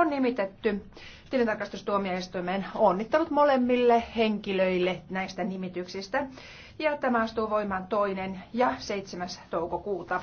on nimitetty tilintarkastustuomioistuimeen. Onnittelut molemmille henkilöille näistä nimityksistä. Ja tämä astuu voimaan toinen ja 7. toukokuuta.